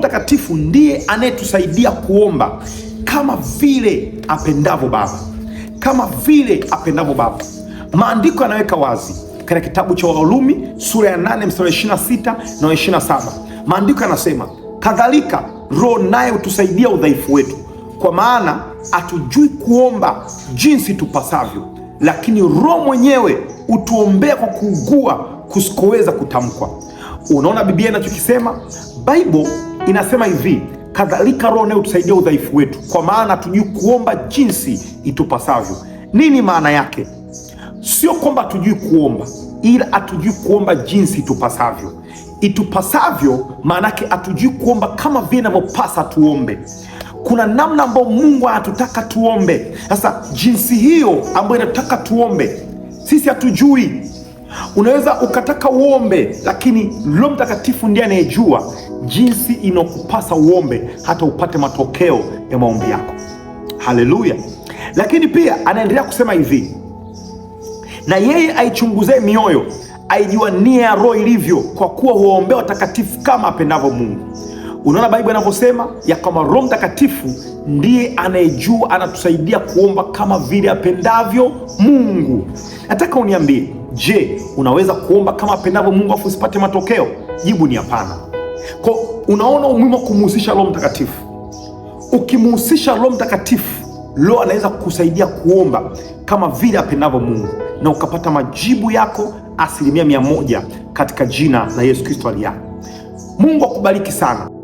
Mtakatifu ndiye anayetusaidia kuomba kama vile apendavyo Baba, kama vile apendavyo Baba. Maandiko yanaweka wazi katika kitabu cha Warumi sura ya 8 mstari 26 na 27, maandiko yanasema kadhalika, Roho naye hutusaidia udhaifu wetu, kwa maana hatujui kuomba jinsi tupasavyo, lakini Roho mwenyewe hutuombea kwa kuugua kusikoweza kutamkwa. Unaona Biblia inachokisema Bible inasema hivi kadhalika Roho nayo tusaidia udhaifu wetu, kwa maana tujui kuomba jinsi itupasavyo. Nini maana yake? Sio kwamba tujui kuomba, ila hatujui kuomba jinsi itupasavyo. Itupasavyo maanake hatujui kuomba kama vile inavyopasa tuombe. Kuna namna ambayo Mungu anatutaka tuombe. Sasa jinsi hiyo ambayo inatutaka tuombe sisi hatujui. Unaweza ukataka uombe, lakini Roho Mtakatifu ndiye anayejua jinsi inakupasa uombe hata upate matokeo ya maombi yako. Haleluya! Lakini pia anaendelea kusema hivi, na yeye aichunguze mioyo, aijua nia ya Roho ilivyo, kwa kuwa huwaombea watakatifu kama apendavyo Mungu. Unaona Biblia inavyosema ya kwamba Roho Mtakatifu ndiye anayejua, anatusaidia kuomba kama vile apendavyo Mungu. Nataka uniambie, je, unaweza kuomba kama apendavyo Mungu afu usipate matokeo? Jibu ni hapana. Kwa unaona umuhimu wa kumuhusisha Roho Mtakatifu. Ukimuhusisha Roho Mtakatifu, Roho anaweza kukusaidia kuomba kama vile apendavyo Mungu na ukapata majibu yako asilimia mia moja katika jina la Yesu Kristo aliye hai. Mungu akubariki sana.